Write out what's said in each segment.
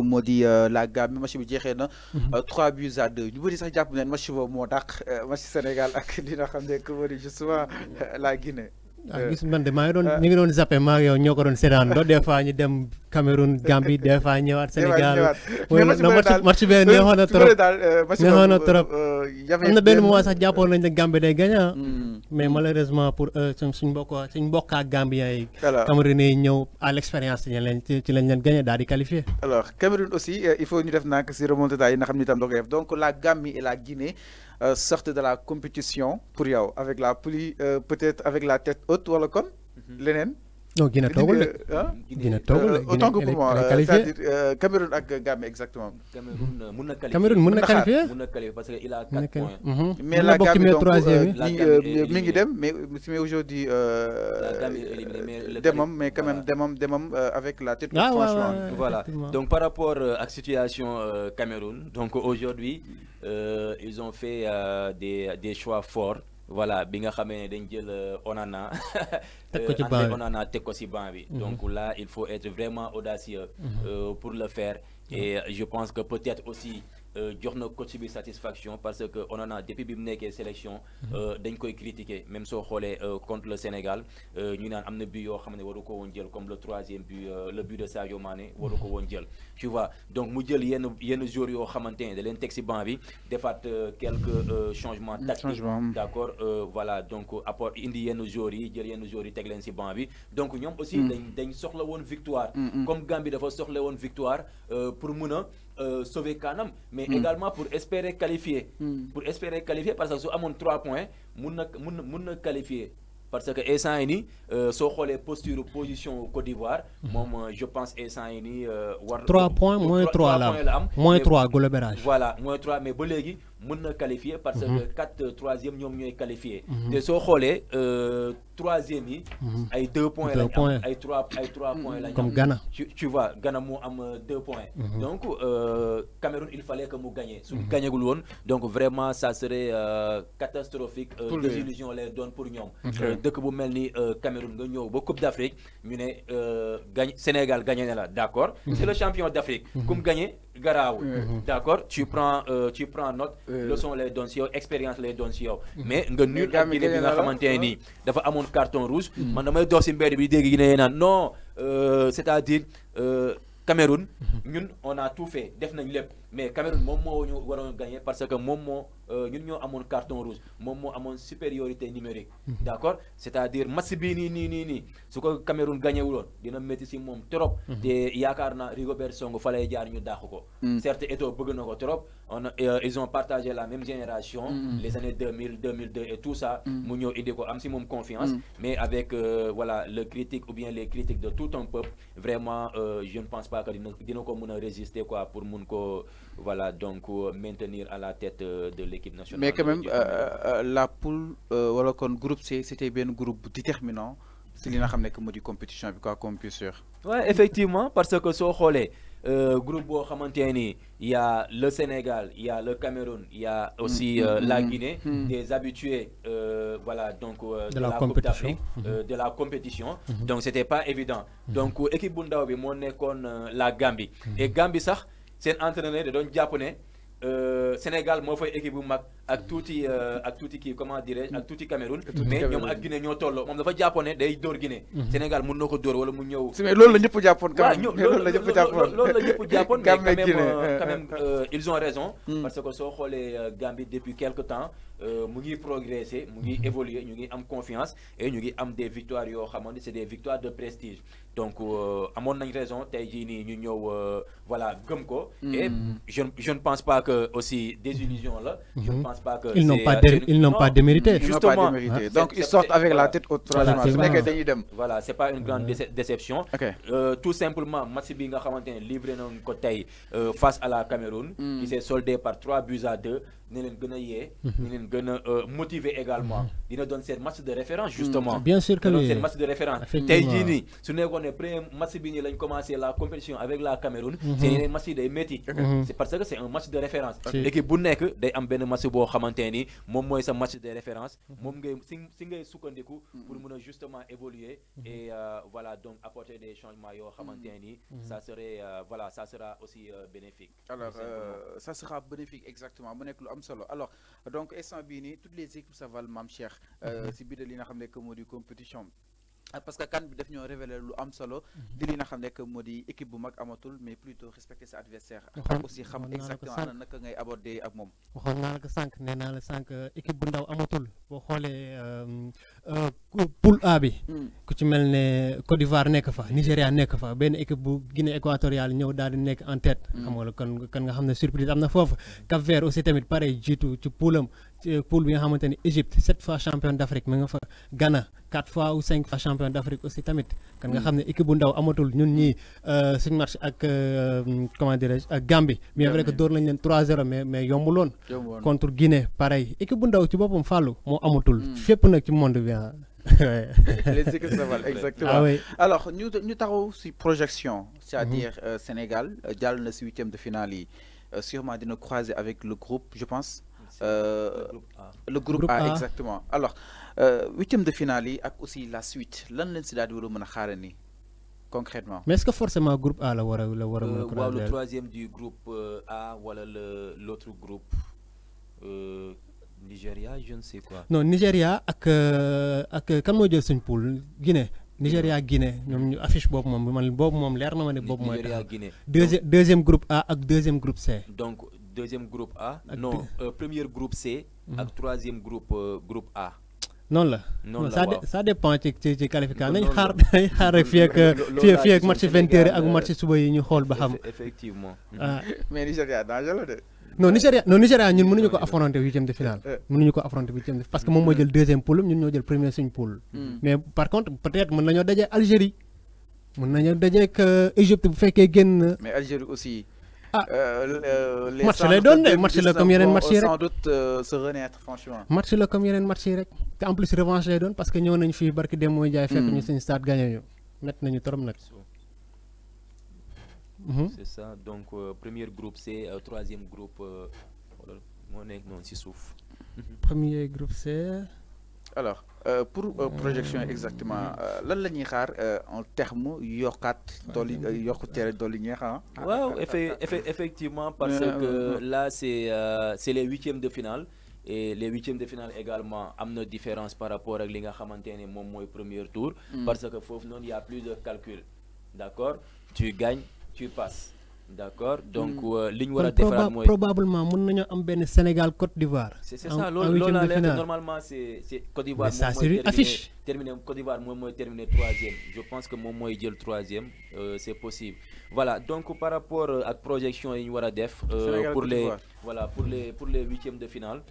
maudit euh, la gamme match bi jeexee mhm. euh, trois 3 buts à deux ñu bëri sax euh, Sénégal la Guinée. ah eh, gis man de maa ngi doon ah. ñu doon zappé maa ngi yow ñoo ko doon seetaandoo des fois ñu dem Cameroun Gambie des fois ñëwaat Sénégal. ñëwaat ñëwaat match bi neexoon na trop euh, neexoon euh, trop. Euh, am na benn moment sax jàppoon nañ ne Gambie day ah. mm. mais malheureusement pour suñ mbokk suñ mbokkaa Gambien yi. alors Cameroun yi ñëw à l' expérience ñu leen ci ci lañ leen gagné daal di qualifié. alors Cameroun aussi il faut ñu def nak si remontada yi nga xam ni tam doo koy def la Gambie et Euh, sorte de la compétition pour yao avec la euh, peut-être avec la tête haute ou wala comme mhm non Guinée Togo Guinée Togo autant que pour moi euh, c'est-à-dire euh, Cameroun ak Gambie exactement. Cameroun euh, mën na qualifier Cameroun mën na qualifier parce que il a 4 points. Mhm. mais la Gambie donc mi ngi dem mais mais aujourd'hui. la Gambie est éliminée demam mais quand même demam demam avec la tête. ah franchement voilà donc par rapport la situation Cameroun donc aujourd'hui ils ont fait des des choix forts voilà bi nga xamé ne dañ jël euh, euh, Onana. teg ko ci Onana ko ci bi. Mhm. donc là il faut être vraiment audacieux. Mhm. Euh, pour le faire et mhm. je pense que peut-être aussi. Euh, jox na coach bi satisfaction parce que on en a depuis bi mu nekkee sélection mhm. euh, dañ koy critiquer même soo xoolee euh, contre le Sénégal ñu naan am na but yoo xam ne jël comme le troisième but le but de Sadio Mané waru ko jël tu vois donc mu jël yenn yenn joueurs yoo xamante ne da leen teg si banc bi defaat quelques changements tactiques d'accord accord voilà donc apport indi yenn joueurs yi jël yenn joueurs yi teg leen si banc bi donc ñoom aussi mm. dañ dañ soxla woon victoire mm, mm. comme Gambie dafa soxla woon victoire pour mun euh, sauver Kanam mais mm. également pour espérer qualifier mm. pour espérer qualifier parce que su amoon 3 points mun na mun na qualifier parce que instant yi nii euh, soo xoolee posture position Côte d'Ivoire. Hmm. moom euh, je pense instant 3 euh, points moins 3 moins 3 goal voilà moins 3 mais ba mëna qualifier parce mhm. que 4 3e ñom ñoy qualifier mhm. té so xolé euh 3e yi mhm. ay 2 points 3 points Comme le Ghana tu vois Ghana a 2 euh, points donc le euh, Cameroun il fallait que mu gagne su gagné gul won donc vraiment ça serait euh, catastrophique des illusions les donne pour ñom vous bu melni Cameroun nga ñëw ba Coupe d'Afrique ñu né euh Sénégal gagné d'accord c'est le champion d'Afrique kum gagné Mm-hmm. Mm-hmm. d'accord tu prends euh, tu prends note mm-hmm. leçon les dons si on expérience les dons si mais de bi la montagne. carton rouge man damay si non euh, c'est-à-dire euh, Cameroun nous on a tout fait mais Cameroun mon moo on gagner parce que mon euh, ñun avons amoon carton rouge nous avons une supériorité numérique d'accord cest à dire match bii ni ni ni nii su ko Cameroun gagné wuloon dina métti si moom trop mhm. te Et il Rigobert Songo, fa lay jaar ñu dàq ko mm. certes Eto'o bëgg na trop on euh, ils ont partagé la même génération mm, mm. les années 2000 2002 et tout ça mu ñëw indi ko am confiance mais avec euh, voilà le critique ou bien les critiques de tout un peuple vraiment je ne pense pas que dina dina ko résister quoi pour mun voilà donc maintenir à la tête de mais quand même, euh, euh, la poule, voilà, euh, le groupe C, c'était bien un groupe déterminant. C'est ce que je compétition avec quoi qu'on puisse sûr. effectivement, parce que si on le groupe il y a le Sénégal, il y a le Cameroun, il y a aussi mm, mm, mm, la Guinée, des habitués voilà, donc, de, la, la Coupe d'Afrique, mm-hmm. de la compétition. Mm-hmm. Donc, ce n'était pas évident. Mm-hmm. Donc, l'équipe Bundaobi, contre la Gambie. Et Gambie, ça, c'est un entraîneur de japonais. Euh, Sénégal moo fay équipe bu mag ak tuuti euh, ak tuuti kii comment dirais ak tuuti Cameroun. mais ñoom ak Guinée ñoo tolloo moom dafa jàppoon day dóor Guinée. Mhm. Sénégal mun na ko dóor wala mu ñëw. mais loolu la ñëpp jàppoon. waaw ñoo loolu la ñëpp jàppoon loolu la ñëpp jàppoon. mais quand même euh, quand même euh, ils ont raison. Mm. parce que soo xoolee Gambie depuis quelque temps. mu ngi progresser mu ngi mm-hmm. évoluer ñu ngi am confiance et ñu ngi am des victoires yoo xamante c'est des victoires de prestige donc amoon nañ raison tey jii nii ñu ñëw voilà gëm ko. et mm-hmm. je je ne pense pas que aussi désillusion la. Mm-hmm pas euh, Ils n'ont pas, ils n'ont pas démérité. Justement. Hein? Donc ils sortent avec la tête haute. Voilà, voilà c'est pas une grande déception. Okay. Euh, tout simplement, Binga Khamantin livré non côté euh, face à la Cameroun, hmm. il s'est soldé par trois buts à deux, nous mhm. euh, motiver également. Mhm. dina donne ces matchs de référence justement. bien sûr que c'est match de référence. tay jii ni su nekkoon premier match bi ni lañ commencé la compétition avec la Cameroun. c'est mhm. un match de métier. C'est parce que c'est un match de référence. Et bu nekk day am ben match de référence, mom moy sa match de référence. mom ngay si ngay pour justement évoluer. et euh, voilà donc apporter des changements yo xamante ça serait euh, voilà ça sera aussi bénéfique. alors ça sera bénéfique exactement alors donc et toutes les équipes ça va Cheikh euh, mhm. si cher li nga xam que compétition parce que quand bi daf ñoo révéler lu am solo mhm. di li xam nekk équipe bu mag amatul mais plutôt respecter ses adversaires. ak aussi xam exactement ana naka ngay aborder ak mom waxon naa la ko sànq la sànq équipe bu ndaw amatul boo euh, euh poule A bi hmm. ku ci mel Côte d'Ivoire nek fa Nigeria nek fa ben équipe bu Guinée équatoriale ñëw daal di nekk en tête hmm. xam nga kon kon nga xamné surprise amna fofu Cap Vert aussi tamit pareil jitu ci poulam ci poule bi nga xamante Égypte cette fois champion d'Afrique mi nga fa Ghana quatre fois ou cinq fois champion d'Afrique aussi tamit kan nga xamné équipe bu ndaw amatul ñun euh suñ match ak euh, comment dirais ak Gambie mais vrai que dóor lañ leen 3-0 mais mais yombu contre Guinée pareil équipe bu ndaw ci bopum fallu mo amatul hmm. fépp nak ci monde bi ah. les équipes nationales exactement ah alors nous nous taxaw aussi projection c'est-à-dire hmm. euh, Sénégal euh, jàll na si e de finale yi sûrement nous croiser avec le groupe je pense euh, le groupe A exactement alors euh, huitième de finale et aussi la suite lan ce si daal di war concrètement mais est-ce que forcément groupe A la war la Ou euh, le troisième du groupe A wala le l'autre groupe Nigeria, je ne sais quoi non nigeria avec avec comme moo jël suñ poule Guinée nigeria Guinée nous affiche Bob Mom, Bob Mom, l'air leer Bob ma Guinée deuxième groupe A ak deuxième groupe C donc deuxième groupe A. non euh, premier groupe C. Mm-hmm. ak troisième groupe euh, groupe A. Non là, non la waaw ça dépend ci ci ci qualification nañ xaar nañ xaar rek fii ak fii fii ak match vingt heures ak match suba yi ñu euh, xool ba xam. effectivement. Ah. Mm-hmm. mais Nigéria danger la de. non Nigéria non Nigéria nous mënuñu ko affronter huitième de finale. nous mënuñu ko affronter huitième de parce que moom moo mm-hmm. jël deuxième poule nous ñoo jël premier suñu poule. Mm. mais par contre peut-être nous allons déjà Algérie mën nañoo daje ak Égypte bu fekkee génn. mais Algérie aussi ah euh, les match lay doon de match la comme yenen match rek sans doute euh, se renaître franchement. match la comme yenen match rek te en plus revanche lay doon parce que ñëw nañ fi barki dem mooy jaay fekk ñu hmm. suñu stade gagné ñu met nañu torom nag. c'est ça mhm. donc euh, premier groupe c'est troisième groupe moo nekk noonu si suuf. premier groupe c'est alors euh, pour euh, projection hmm. exactement euh, lan la xaar en terme de dolli yokku tere dolli ñeex ah. effectivement parce que là c'est c'est les huitièmes de finale. et les huitièmes de finale également am différence par rapport à li nga et premier tour. Hmm. parce que non il y a plus de calcul d'accord tu gagnes tu passes d'accord donc hmm. euh, li probablement mën avons am Sénégal Côte d'Ivoire. c'est ça loolu normalement c'est Côte d'Ivoire. C'est ça c'est affiche terminé Côte d'Ivoire Moi, moi, terminé troisième je pense que il mooy le troisième euh, c'est possible voilà donc par rapport à euh, la projection yi Wara def. pour les voilà pour les pour les huitièmes de finale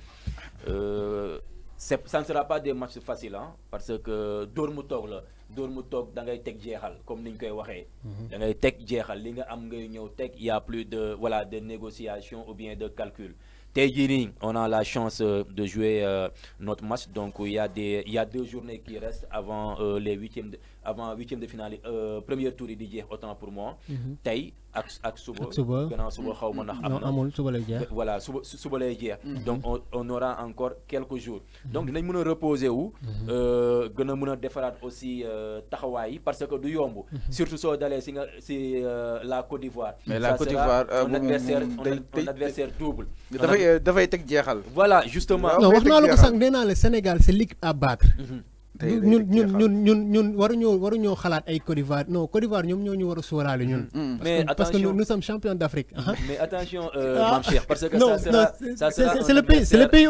ça ne sera pas des matchs faciles hein, parce que dormu mu toog la dóor da ngay tek comme niñ koy waxé mhm. da ngay tek jeexal li nga am ngay tek y' a plus de voilà de négociations ou bien de calcul. tey on a la chance euh, de jouer euh, notre match donc il y a des il y a deux journées qui restent avant euh, les huitièmes de avant huitièmes de finale premier tour il dit autant pour moi. Mhm. tey ak ak suba gannaaw xaw ma am na amul suba lay voilà suba suba lay jeex mm-hmm. donc on on aura encore quelques jours mm-hmm. donc dinañ mëna reposer wu mm-hmm. euh, gën a mën a aussi euh, taxawaay yi parce que du yombu surtout so dalee si euh, la Côte d'Ivoire mais la Côte d'Ivoire un adversaire un adversaire double da fay da fay tek jéxal voilà justement non waxna naa la ko le Sénégal c'est l'équipe à battre nous sommes champions d'Afrique. Hein. mais attention euh, ah. parce que c'est le pays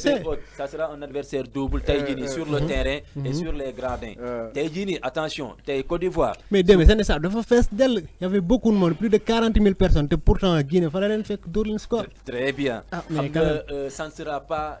c'est ça sera un adversaire double euh, sur euh, le terrain. et sur les gradins. attention Côte d'Ivoire. mais y avait beaucoup de monde plus de 40 mille personnes pourtant Guinée il faire très bien. Ah, ça ne sera pas.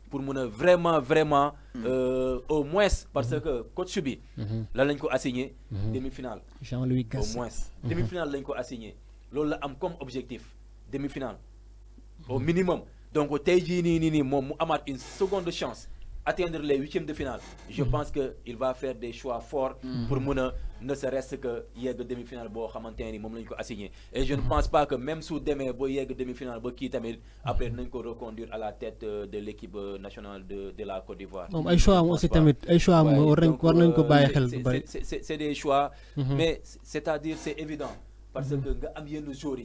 pour moi, vraiment vraiment mm. euh, au moins parce mm-hmm. que coach subi la signé a demi-finale Jean-Louis au moins mm-hmm. demi-finale l'enco a signé Lola a comme objectif demi-finale au minimum donc au Teji, ni ni ni moi une seconde chance atteindre les huitièmes de finale. Je mhm. pense qu'il va faire des choix forts mhm. pour Mouna, ne serait-ce que hier de demi-finale, bon, Hamantini, Moumlin, signé. Et je ne mhm. pense pas que même sous demain, bon, hier de demi-finale, bon, qui après, nous reconduire à la tête euh, de l'équipe euh, nationale de, la Côte d'Ivoire. choix, c'est choix, C'est des choix, mais c'est-à-dire, c'est évident parce que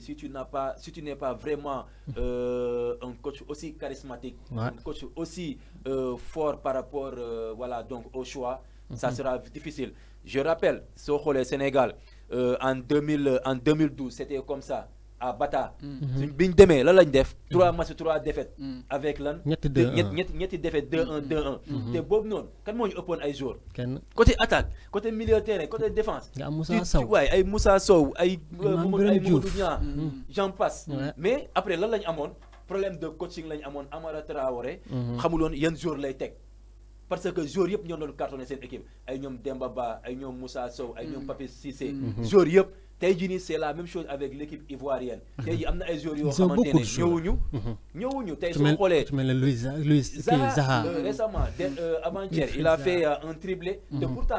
si tu n'as pas si tu n'es pas vraiment euh, un coach aussi charismatique un coach aussi euh, fort par rapport euh, voilà donc au choix ça mhm. sera difficile je rappelle sur le Sénégal en 2000 en 2012 c'était comme ça à Bata. Mhm. biñ demee lan lañ def. Mhm. trois matchs trois défaites. Mhm. avec lan. ñetti 2 1 ñetti défaites 2 1 2 1. te Bob non. kan moo ñu ëppoon ay joueurs. côté attaque côté milieu terrain côté défense. nga Moussa Sow waay ay Moussa Sow ay. Euh, ay j'en passe. mais après lan lañ amoon problème de coaching lañ amoon Amara Traoré. xamuloon yan joueurs lay teg. parce que joueurs yëpp ñoo doon cartonné seen équipe ay ñom Demba Ba ay ñom Moussa Sow ay ñom Papis Cissé. joueurs yëpp c'est la même chose avec l'équipe ivoirienne. Mhm. Il a Zaha récemment avant il a fait euh, un triplé. Mhm. pourtant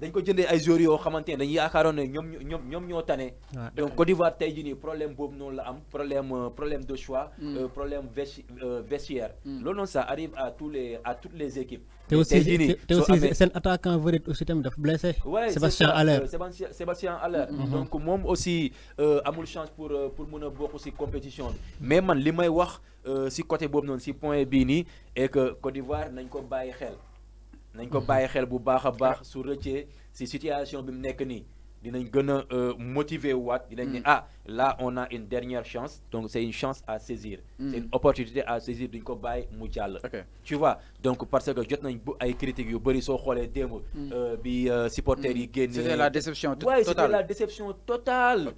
dañ ko jëndee ay joueurs yoo xamante ne dañu yaakaaroon ne ñoom ñoom ñoom ñoo tane. donc Côte d'Ivoire tey jii nii problème boobu noonu la am problème euh, problème de choix. Mm. Euh, problème euh, vestiaire. Mm. loolu noonu ça arrive à tous les à toutes les équipes. te aussi te aussi seen attaquant vedette aussi tamit dafa blessé. Sébastien Aller. Sébastien Haller. Mm-hmm. Mm-hmm. donc moom aussi amul chance pour pour mën a bokk ci compétition bi. mais man li may wax ci côté boobu noonu ci point bii nii et que Côte d'Ivoire nañ ko bàyyi xel. Nous ko bàyyi xel bu a baax su situation bi mu ni nii dinañ euh, motiver mm. ah là on a une dernière chance donc c'est une chance à saisir mm. c'est une opportunité à saisir duñ ko bàyyi tu vois donc parce que je nañ pas ay critiques yu bëri soo xoolee mm. euh, bi euh, supporters yi c'était la déception totale c'était la déception totale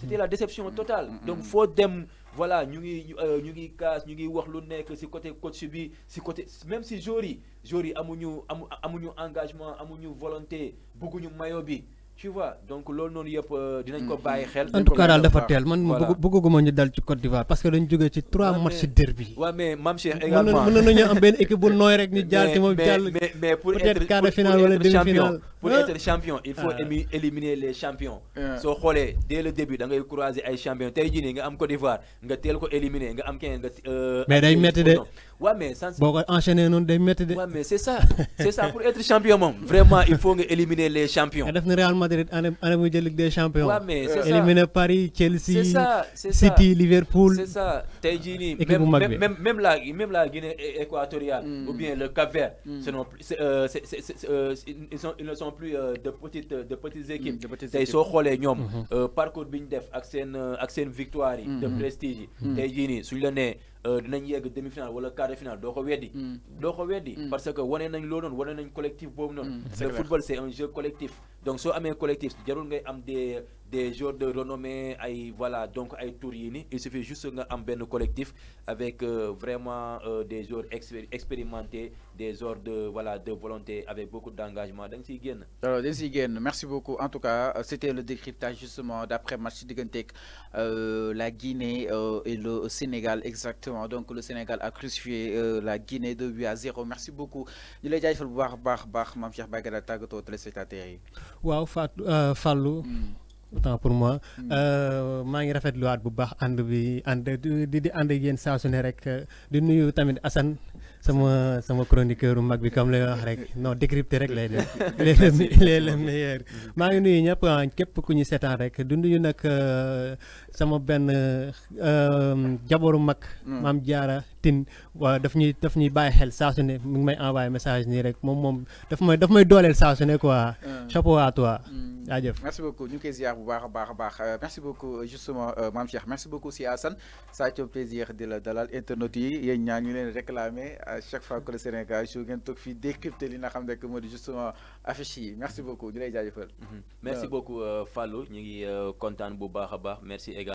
c'était la déception totale donc faut dem voilà ñu ngi euh, ñu ngi kaas ñu ngi wax lu nekk ci côté coach bi ci côté même si jori jori amuñu amuñu engagement amuñu volonté bëgguñu mayo bi tu vois donc loolu non yëpp euh, dinañ ko mm-hmm. baye xel. en tout cas daal dafa tel man bëgguma ñu dal ci Côte d'Ivoire parce que dañ jógee ci 3 matchs derby. waaw mais mam Cheikh également mën nañu am benn équipe bu nooy rek ñu jaar ci moom jàll. mais pour être quart de finale wala demi finale pour être champion il faut éliminer les champions. so xoolee dès le début da ngay croiser ay champions tey jii nga am Côte d'Ivoire nga tel ko éliminer nga am keneen nga. Euh, mais day metti de. Ouais, mais ça. Bon, enchaîner nous des méthodes. Ouais, mais c'est ça. C'est ça. Pour être champion, vraiment, il faut éliminer les champions. Elle le Real Madrid en Ligue des Champions. Ouais, mais c'est ça. Éliminer Paris, Chelsea, City, Liverpool. C'est ça. Taïdjini, même, même, même, même, la, même la Guinée équatoriale hmm. ou bien le Cap-Vert, hmm. euh, euh, ils, ne sont plus euh, de, petites, de petites équipes. Mm. Ils sont collés, euh, parcours Bindef, Axen Victoire, hmm. de prestige. sur le nez Euh, dinañ yegg demi final wala quart de finale doo ko weddi mm. doo ko mm. parce que wane nañ loo noonu wane nañ collectif boobu noonu mm. le football c'est un jeu collectif donc so un collectif jarul am des des joueurs de renommée ay voilà donc ay tour il suffit juste nga am collectif avec euh, vraiment euh, des joueurs expérimentés des joueurs de voilà de volonté avec beaucoup d'engagement merci beaucoup en tout cas c'était le décryptage justement d'après match euh, la Guinée euh, et le Sénégal exactement donc le Sénégal a crucifié la Guinée de 8 à 0 merci beaucoup Je lay remercie. bu baax waaw Fatou euh, Fallou. Mm. autant pour moi. Mm. Euh, maa ngi rafetluwaat bu baax ànd bi ànd di di ànd yéen saa rek di nuyu tamit Assane sama sama chroniqueur mag bi comme lay wax rek non décrypté rek lay def les les meilleurs maa ngi nuyu ñëpp ah, képp ku ñu seetaan rek di nuyu nag euh, sama benn jaboru mag. Mm. maam jaara tin waaw daf ñuy daf ñuy bàyyi xel saa su ne mu ngi may envoyé message nii rek moom moom daf may daf may dooleel saa su ne quoi. Ah. chapeau à toi. jaajëf hmm. merci beaucoup ñu plaisir koy ziar bu baax a baax euh, merci beaucoup justement euh, Mam Cheikh merci beaucoup si Assane ça a été un plaisir de la dalal internet yi yéen ñaa ñu leen réclamer à chaque fois que le Sénégal joue ngeen toog fii décrypter li nga xam nekk moo justement affiche merci beaucoup ñu lay mhm. merci beaucoup euh, Fallou ñu ngi kontaan bu baax baax merci également.